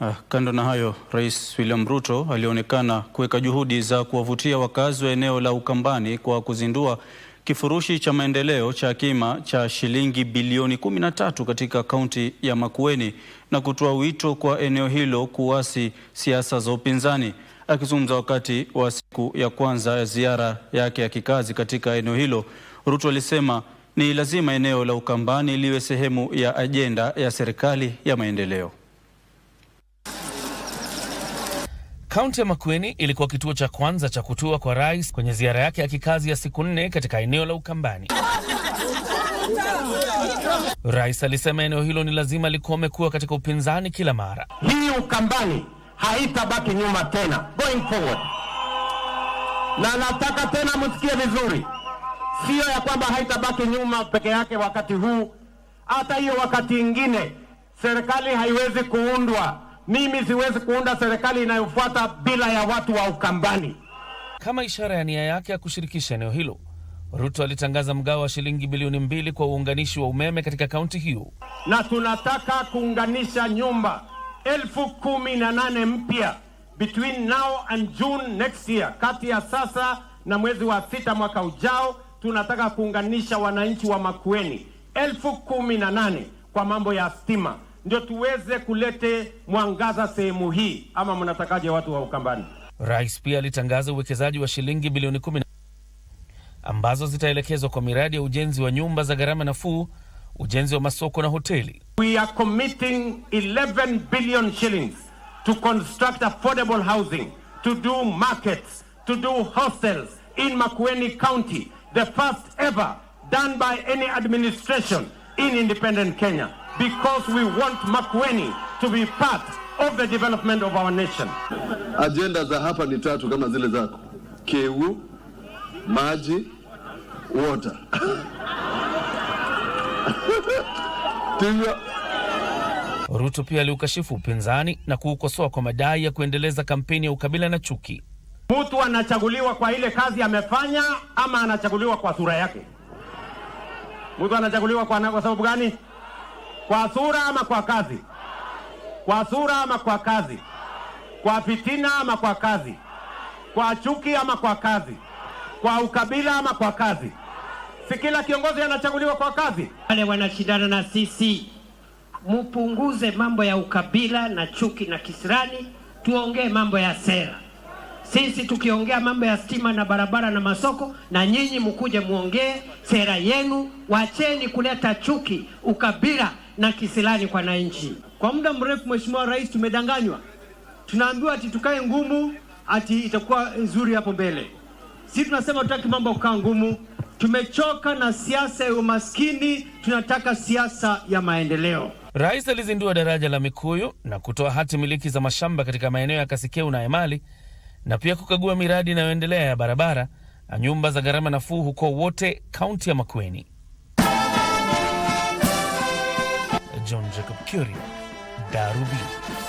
Ah, kando na hayo, Rais William Ruto alionekana kuweka juhudi za kuwavutia wakazi wa eneo la Ukambani kwa kuzindua kifurushi cha maendeleo cha kima cha shilingi bilioni 13 katika kaunti ya Makueni na kutoa wito kwa eneo hilo kuasi siasa za upinzani. Akizungumza wakati wa siku ya kwanza ya ziara yake ya kikazi katika eneo hilo, Ruto alisema ni lazima eneo la Ukambani liwe sehemu ya ajenda ya serikali ya maendeleo. Kaunti ya Makueni ilikuwa kituo cha kwanza cha kutua kwa rais kwenye ziara yake ya kikazi ya siku nne katika eneo la Ukambani. Rais alisema eneo hilo ni lazima likuwa amekuwa katika upinzani kila mara. Hii Ukambani haitabaki nyuma tena, going forward. Na nataka tena msikie vizuri, siyo ya kwamba haitabaki nyuma peke yake wakati huu, hata hiyo wakati ingine serikali haiwezi kuundwa mimi siwezi kuunda serikali inayofuata bila ya watu wa Ukambani. Kama ishara ya nia yake ya kushirikisha eneo hilo, Ruto alitangaza mgao wa shilingi bilioni mbili kwa uunganishi wa umeme katika kaunti hiyo. Na tunataka kuunganisha nyumba elfu kumi na nane mpya between now and June next year, kati ya sasa na mwezi wa sita mwaka ujao. Tunataka kuunganisha wananchi wa Makueni elfu kumi na nane kwa mambo ya stima ndio tuweze kulete mwangaza sehemu hii, ama mnatakaje watu wa Ukambani? Rais pia alitangaza uwekezaji wa shilingi bilioni kumi ambazo zitaelekezwa kwa miradi ya ujenzi wa nyumba za gharama nafuu, ujenzi wa masoko na hoteli. We are committing 11 billion shillings to construct affordable housing, to do markets, to do hostels in Makueni County, the first ever done by any administration in independent Kenya because we want Makueni to be part of the development of our nation. Ajenda za hapa ni tatu kama zile zako: KU, maji, water. Ruto pia aliukashifu upinzani na kuukosoa kwa madai ya kuendeleza kampeni ya ukabila na chuki. Mtu anachaguliwa kwa ile kazi amefanya ama anachaguliwa kwa sura yake? Mtu anachaguliwa kwa, kwa sababu gani? Kwa sura ama kwa kazi? Kwa sura ama kwa kazi? Kwa fitina ama kwa kazi? Kwa chuki ama kwa kazi? Kwa ukabila ama kwa kazi? Si kila kiongozi anachaguliwa kwa kazi? Wale wanashindana na sisi, mupunguze mambo ya ukabila na chuki na kisirani, tuongee mambo ya sera. Sisi tukiongea mambo ya stima na barabara na masoko, na nyinyi mkuje muongee sera yenu. Wacheni kuleta chuki, ukabila na kisilani kwa wananchi. Kwa muda mrefu, Mheshimiwa Rais, tumedanganywa, tunaambiwa ati tukae ngumu, ati itakuwa nzuri hapo mbele. si tunasema tutaki mambo kukaa ngumu. Tumechoka na siasa ya umaskini, tunataka siasa ya maendeleo. Rais alizindua daraja la Mikuyu na kutoa hati miliki za mashamba katika maeneo ya Kasikeu na Emali na pia kukagua miradi inayoendelea ya barabara na nyumba za gharama nafuu huko wote kaunti ya Makueni. Curio, Darubin.